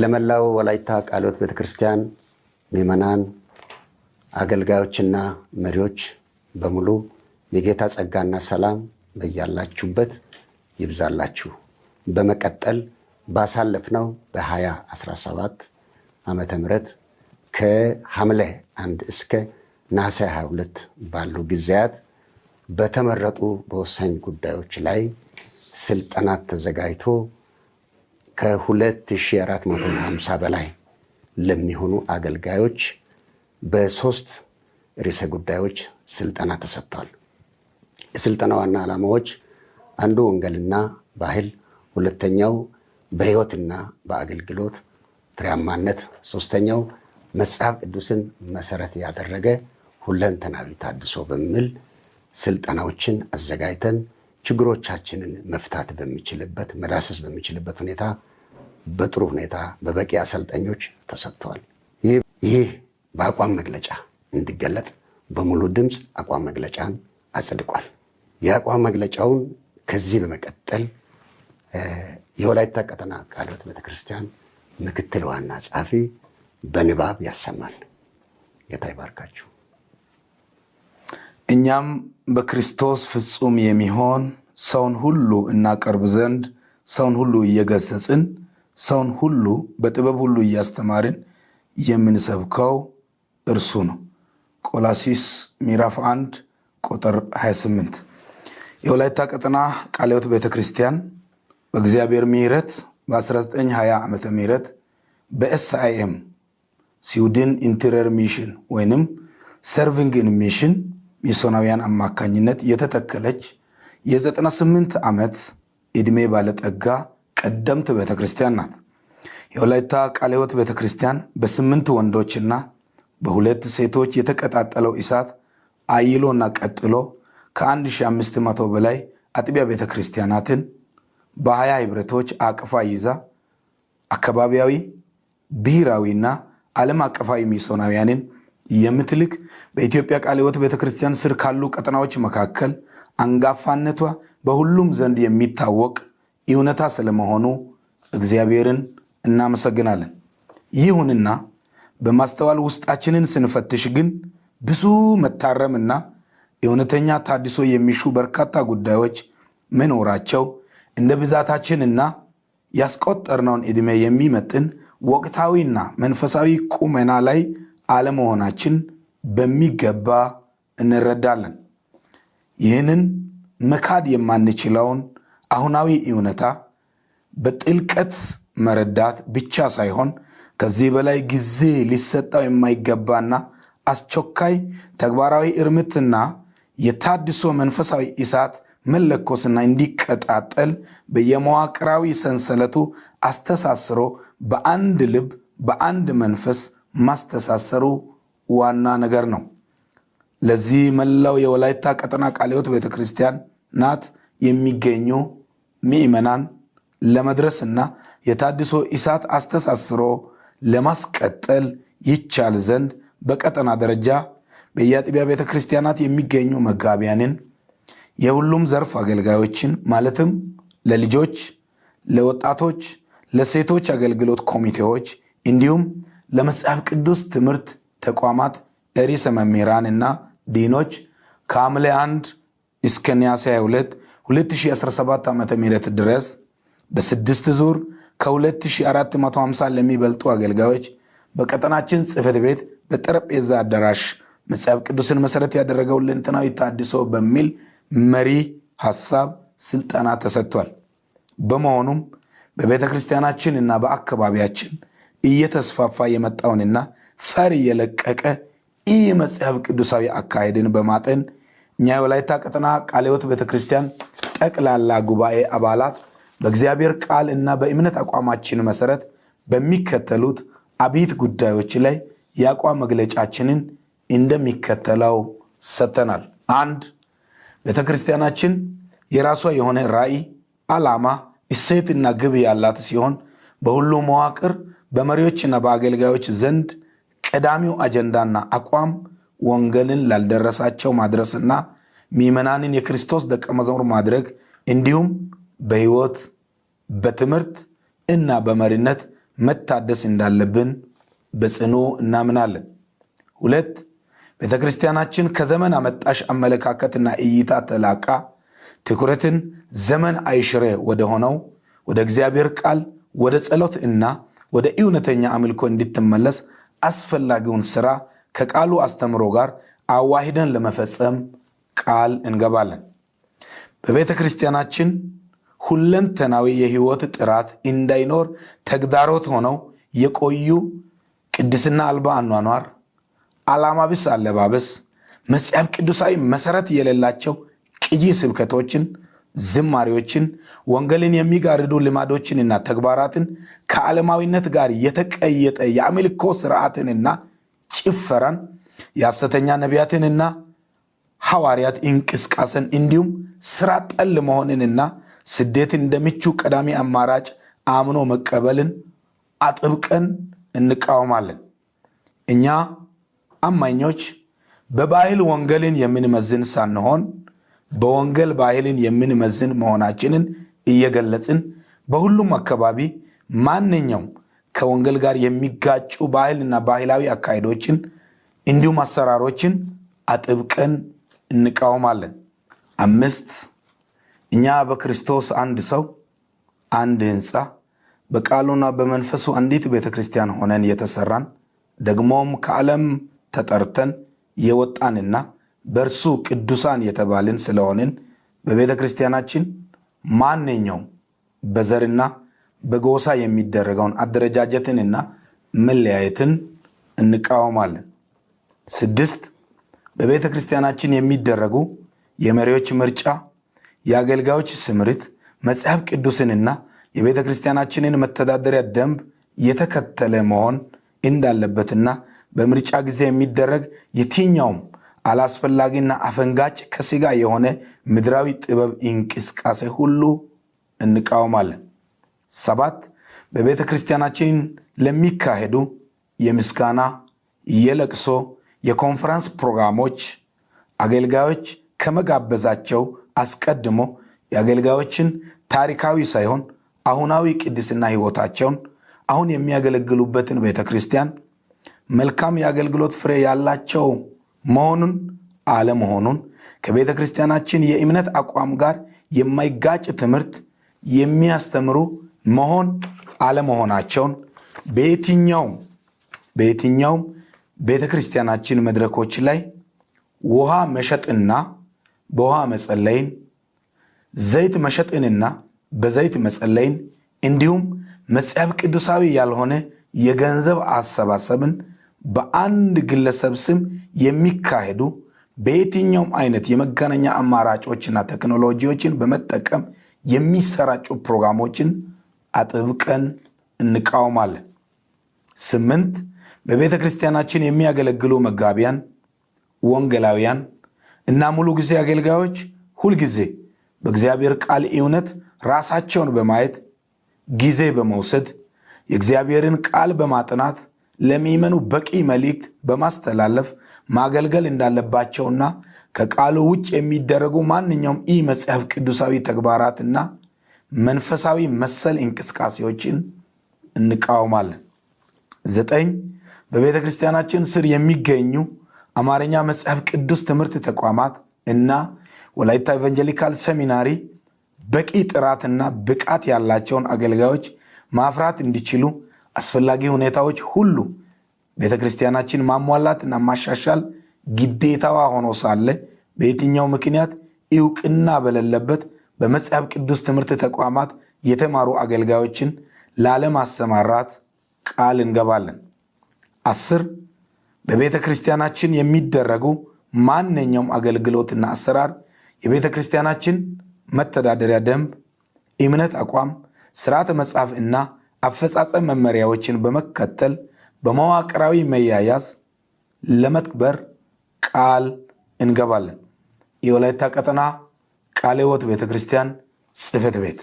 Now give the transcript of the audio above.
ለመላው ወላይታ ቃልዮት ቤተክርስቲያን ምዕመናን፣ አገልጋዮችና መሪዎች በሙሉ የጌታ ጸጋና ሰላም በያላችሁበት ይብዛላችሁ። በመቀጠል ባሳለፍነው በ2017 ዓመተ ምህረት ከሐምሌ አንድ እስከ ነሐሴ 22 ባሉ ጊዜያት በተመረጡ በወሳኝ ጉዳዮች ላይ ስልጠናት ተዘጋጅቶ ከ2450 በላይ ለሚሆኑ አገልጋዮች በሶስት ርዕሰ ጉዳዮች ስልጠና ተሰጥቷል። የስልጠና ዋና ዓላማዎች አንዱ ወንጌልና ባህል፣ ሁለተኛው በህይወትና በአገልግሎት ፍሬያማነት፣ ሶስተኛው መጽሐፍ ቅዱስን መሰረት ያደረገ ሁለንተናዊ ታድሶ በሚል ስልጠናዎችን አዘጋጅተን ችግሮቻችንን መፍታት በሚችልበት መዳሰስ በሚችልበት ሁኔታ በጥሩ ሁኔታ በበቂ አሰልጠኞች ተሰጥተዋል። ይህ በአቋም መግለጫ እንዲገለጥ በሙሉ ድምፅ አቋም መግለጫን አጽድቋል። የአቋም መግለጫውን ከዚህ በመቀጠል የወላይታ ቀጠና ቃለ ሕይወት ቤተክርስቲያን ምክትል ዋና ጸሐፊ በንባብ ያሰማል። ጌታ ይባርካችሁ። እኛም በክርስቶስ ፍጹም የሚሆን ሰውን ሁሉ እናቀርብ ዘንድ ሰውን ሁሉ እየገሰጽን ሰውን ሁሉ በጥበብ ሁሉ እያስተማርን የምንሰብከው እርሱ ነው። ቆላሲስ ምዕራፍ 1 ቁጥር 28። የወላይታ ቀጠና ቃለ ሕይወት ቤተ ክርስቲያን በእግዚአብሔር ምሕረት በ1920 ዓ ም በኤስአይኤም ስዊድን ኢንቴሪየር ሚሽን ወይንም ሰርቪንግ ኢን ሚሽን ሚስዮናውያን አማካኝነት የተተከለች የ98 ዓመት ዕድሜ ባለጠጋ ቀደምት ቤተ ክርስቲያን ናት። የወላይታ ቃለ ሕይወት ቤተ ክርስቲያን በስምንት ወንዶችና በሁለት ሴቶች የተቀጣጠለው እሳት አይሎና ቀጥሎ ከ1500 በላይ አጥቢያ ቤተ ክርስቲያናትን በሀያ ህብረቶች አቅፋ ይዛ አካባቢያዊ ብሔራዊና ዓለም አቀፋዊ ሚስዮናውያንን የምትልክ በኢትዮጵያ ቃለ ሕይወት ቤተ ክርስቲያን ስር ካሉ ቀጠናዎች መካከል አንጋፋነቷ በሁሉም ዘንድ የሚታወቅ እውነታ ስለመሆኑ እግዚአብሔርን እናመሰግናለን። ይሁንና በማስተዋል ውስጣችንን ስንፈትሽ ግን ብዙ መታረምና እውነተኛ ታድሶ የሚሹ በርካታ ጉዳዮች መኖራቸው እንደ ብዛታችንና ያስቆጠርነውን ዕድሜ የሚመጥን ወቅታዊና መንፈሳዊ ቁመና ላይ አለመሆናችን በሚገባ እንረዳለን። ይህንን መካድ የማንችለውን አሁናዊ እውነታ በጥልቀት መረዳት ብቻ ሳይሆን ከዚህ በላይ ጊዜ ሊሰጠው የማይገባና አስቸኳይ ተግባራዊ እርምትና የታድሶ መንፈሳዊ እሳት መለኮስና እንዲቀጣጠል በየመዋቅራዊ ሰንሰለቱ አስተሳስሮ በአንድ ልብ በአንድ መንፈስ ማስተሳሰሩ ዋና ነገር ነው። ለዚህ መላው የወላይታ ቀጠና ቃለ ሕይወት ቤተ ክርስቲያን ናት። የሚገኙ ምዕመናን ለመድረስና የታድሶ እሳት አስተሳስሮ ለማስቀጠል ይቻል ዘንድ በቀጠና ደረጃ በየአጥቢያ ቤተ ክርስቲያናት የሚገኙ መጋቢያንን፣ የሁሉም ዘርፍ አገልጋዮችን ማለትም ለልጆች፣ ለወጣቶች፣ ለሴቶች አገልግሎት ኮሚቴዎች እንዲሁም ለመጽሐፍ ቅዱስ ትምህርት ተቋማት ርዕሰ መምህራንና ዲኖች ከሐምሌ 1 እስከ ነሐሴ 22 2017 ዓ ም ድረስ በስድስት ዙር ከ2450 ለሚበልጡ አገልጋዮች በቀጠናችን ጽህፈት ቤት በጠረጴዛ አዳራሽ መጽሐፍ ቅዱስን መሠረት ያደረገው ሁለንተናዊ ታድሶ በሚል መሪ ሐሳብ ስልጠና ተሰጥቷል። በመሆኑም በቤተ ክርስቲያናችን እና በአካባቢያችን እየተስፋፋ የመጣውንና ፈር የለቀቀ ኢ መጽሐፍ ቅዱሳዊ አካሄድን በማጠን እኛ የወላይታ ቀጠና ቃለ ሕይወት ቤተክርስቲያን ጠቅላላ ጉባኤ አባላት በእግዚአብሔር ቃል እና በእምነት አቋማችን መሰረት በሚከተሉት አብይት ጉዳዮች ላይ የአቋም መግለጫችንን እንደሚከተለው ሰጥተናል። አንድ ቤተክርስቲያናችን የራሷ የሆነ ራዕይ፣ ዓላማ፣ እሴትና ግብ ያላት ሲሆን በሁሉ መዋቅር በመሪዎችና በአገልጋዮች ዘንድ ቀዳሚው አጀንዳና አቋም ወንጌልን ላልደረሳቸው ማድረስና ምዕመናንን የክርስቶስ ደቀ መዝሙር ማድረግ እንዲሁም በሕይወት በትምህርት እና በመሪነት መታደስ እንዳለብን በጽኑ እናምናለን። ሁለት ቤተ ክርስቲያናችን ከዘመን አመጣሽ አመለካከትና እይታ ተላቃ ትኩረትን ዘመን አይሽሬ ወደ ሆነው ወደ እግዚአብሔር ቃል፣ ወደ ጸሎት እና ወደ እውነተኛ አምልኮ እንድትመለስ አስፈላጊውን ስራ። ከቃሉ አስተምሮ ጋር አዋሂደን ለመፈጸም ቃል እንገባለን። በቤተ ክርስቲያናችን ሁለንተናዊ የህይወት ጥራት እንዳይኖር ተግዳሮት ሆነው የቆዩ ቅድስና አልባ አኗኗር፣ ዓላማ ቢስ አለባበስ፣ መጽሐፍ ቅዱሳዊ መሰረት የሌላቸው ቅጂ ስብከቶችን፣ ዝማሪዎችን፣ ወንጌልን የሚጋርዱ ልማዶችንና ተግባራትን ከዓለማዊነት ጋር የተቀየጠ የአምልኮ ስርዓትንና ጭፈራን፣ የሐሰተኛ ነቢያትንና ሐዋርያት እንቅስቃሴን እንዲሁም ስራ ጠል መሆንንና ስደትን እንደምቹ ቀዳሚ አማራጭ አምኖ መቀበልን አጥብቀን እንቃወማለን። እኛ አማኞች በባህል ወንጌልን የምንመዝን ሳንሆን በወንጌል ባህልን የምንመዝን መሆናችንን እየገለጽን በሁሉም አካባቢ ማንኛውም ከወንጌል ጋር የሚጋጩ ባህልና ባህላዊ አካሄዶችን እንዲሁም አሰራሮችን አጥብቀን እንቃወማለን። አምስት እኛ በክርስቶስ አንድ ሰው አንድ ህንፃ በቃሉና በመንፈሱ አንዲት ቤተ ክርስቲያን ሆነን የተሰራን ደግሞም ከዓለም ተጠርተን የወጣንና በእርሱ ቅዱሳን የተባልን ስለሆንን በቤተ ክርስቲያናችን ማንኛውም በዘርና በጎሳ የሚደረገውን አደረጃጀትንና መለያየትን እንቃወማለን። ስድስት በቤተ ክርስቲያናችን የሚደረጉ የመሪዎች ምርጫ፣ የአገልጋዮች ስምሪት መጽሐፍ ቅዱስንና የቤተ ክርስቲያናችንን መተዳደሪያ ደንብ የተከተለ መሆን እንዳለበትና በምርጫ ጊዜ የሚደረግ የትኛውም አላስፈላጊና አፈንጋጭ ከስጋ የሆነ ምድራዊ ጥበብ እንቅስቃሴ ሁሉ እንቃወማለን። ሰባት በቤተ ክርስቲያናችን ለሚካሄዱ የምስጋና የለቅሶ፣ የኮንፈረንስ ፕሮግራሞች አገልጋዮች ከመጋበዛቸው አስቀድሞ የአገልጋዮችን ታሪካዊ ሳይሆን አሁናዊ ቅድስና ሕይወታቸውን፣ አሁን የሚያገለግሉበትን ቤተ ክርስቲያን መልካም የአገልግሎት ፍሬ ያላቸው መሆኑን አለመሆኑን ከቤተ ክርስቲያናችን የእምነት አቋም ጋር የማይጋጭ ትምህርት የሚያስተምሩ መሆን አለመሆናቸውን በየትኛውም በየትኛውም ቤተ ክርስቲያናችን መድረኮች ላይ ውሃ መሸጥና በውሃ መጸለይን፣ ዘይት መሸጥንና በዘይት መጸለይን እንዲሁም መጽሐፍ ቅዱሳዊ ያልሆነ የገንዘብ አሰባሰብን በአንድ ግለሰብ ስም የሚካሄዱ በየትኛውም አይነት የመገናኛ አማራጮችና ቴክኖሎጂዎችን በመጠቀም የሚሰራጩ ፕሮግራሞችን አጥብቀን እንቃውማለን። ስምንት በቤተ ክርስቲያናችን የሚያገለግሉ መጋቢያን፣ ወንጌላውያን እና ሙሉ ጊዜ አገልጋዮች ሁልጊዜ በእግዚአብሔር ቃል እውነት ራሳቸውን በማየት ጊዜ በመውሰድ የእግዚአብሔርን ቃል በማጥናት ለሚመኑ በቂ መልእክት በማስተላለፍ ማገልገል እንዳለባቸውና ከቃሉ ውጭ የሚደረጉ ማንኛውም ኢ መጽሐፍ ቅዱሳዊ ተግባራትና መንፈሳዊ መሰል እንቅስቃሴዎችን እንቃወማለን። ዘጠኝ በቤተ ክርስቲያናችን ስር የሚገኙ አማርኛ መጽሐፍ ቅዱስ ትምህርት ተቋማት እና ወላይታ ኢቫንጀሊካል ሰሚናሪ በቂ ጥራትና ብቃት ያላቸውን አገልጋዮች ማፍራት እንዲችሉ አስፈላጊ ሁኔታዎች ሁሉ ቤተ ክርስቲያናችን ማሟላትና ማሻሻል ግዴታዋ ሆኖ ሳለ በየትኛው ምክንያት እውቅና በሌለበት በመጽሐፍ ቅዱስ ትምህርት ተቋማት የተማሩ አገልጋዮችን ላለማሰማራት ቃል እንገባለን። አስር በቤተ ክርስቲያናችን የሚደረጉ ማንኛውም አገልግሎትና አሰራር የቤተ ክርስቲያናችን መተዳደሪያ ደንብ፣ እምነት፣ አቋም፣ ስርዓተ መጽሐፍ እና አፈጻጸም መመሪያዎችን በመከተል በመዋቅራዊ መያያዝ ለመክበር ቃል እንገባለን። የወላይታ ቀጠና ቃለ ሕይወት ቤተ ክርስቲያን ጽሕፈት ቤት